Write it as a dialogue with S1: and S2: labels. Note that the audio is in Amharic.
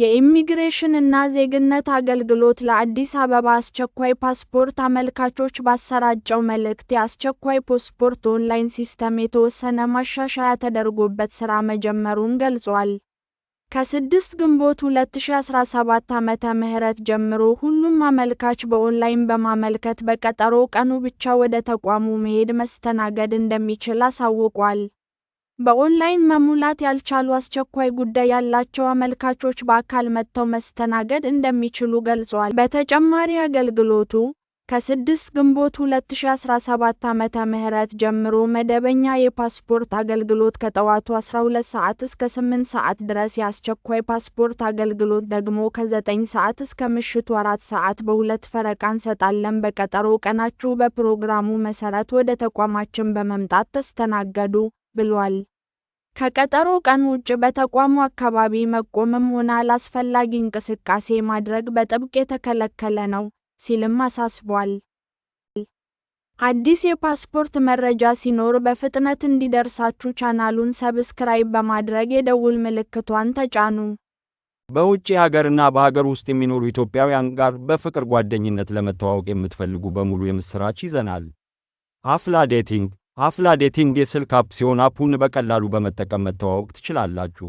S1: የኢሚግሬሽን እና ዜግነት አገልግሎት ለአዲስ አበባ አስቸኳይ ፓስፖርት አመልካቾች ባሰራጨው መልእክት የአስቸኳይ ፓስፖርት ኦንላይን ሲስተም የተወሰነ ማሻሻያ ተደርጎበት ስራ መጀመሩን ገልጿል። ከስድስት ግንቦት 2017 ዓ ም ጀምሮ ሁሉም አመልካች በኦንላይን በማመልከት በቀጠሮ ቀኑ ብቻ ወደ ተቋሙ መሄድ መስተናገድ እንደሚችል አሳውቋል። በኦንላይን መሙላት ያልቻሉ አስቸኳይ ጉዳይ ያላቸው አመልካቾች በአካል መጥተው መስተናገድ እንደሚችሉ ገልጿል። በተጨማሪ አገልግሎቱ ከ6 ግንቦት 2017 ዓ.ም ጀምሮ መደበኛ የፓስፖርት አገልግሎት ከጠዋቱ 12 ሰዓት እስከ 8 ሰዓት ድረስ፣ የአስቸኳይ ፓስፖርት አገልግሎት ደግሞ ከ9 ሰዓት እስከ ምሽቱ 4 ሰዓት በሁለት ፈረቃ እንሰጣለን። በቀጠሮ ቀናችሁ በፕሮግራሙ መሰረት ወደ ተቋማችን በመምጣት ተስተናገዱ ብሏል። ከቀጠሮ ቀን ውጭ በተቋሙ አካባቢ መቆምም ሆነ አላስፈላጊ እንቅስቃሴ ማድረግ በጥብቅ የተከለከለ ነው ሲልም አሳስቧል። አዲስ የፓስፖርት መረጃ ሲኖር በፍጥነት እንዲደርሳችሁ ቻናሉን ሰብስክራይብ በማድረግ የደውል ምልክቷን ተጫኑ።
S2: በውጭ ሀገርና በሀገር ውስጥ የሚኖሩ ኢትዮጵያውያን ጋር በፍቅር ጓደኝነት ለመተዋወቅ የምትፈልጉ በሙሉ የምስራች ይዘናል። አፍላ ዴቲንግ አፍላ ዴቲንግ የስልክ አፕ ሲሆን አፑን በቀላሉ በመጠቀም መተዋወቅ ትችላላችሁ።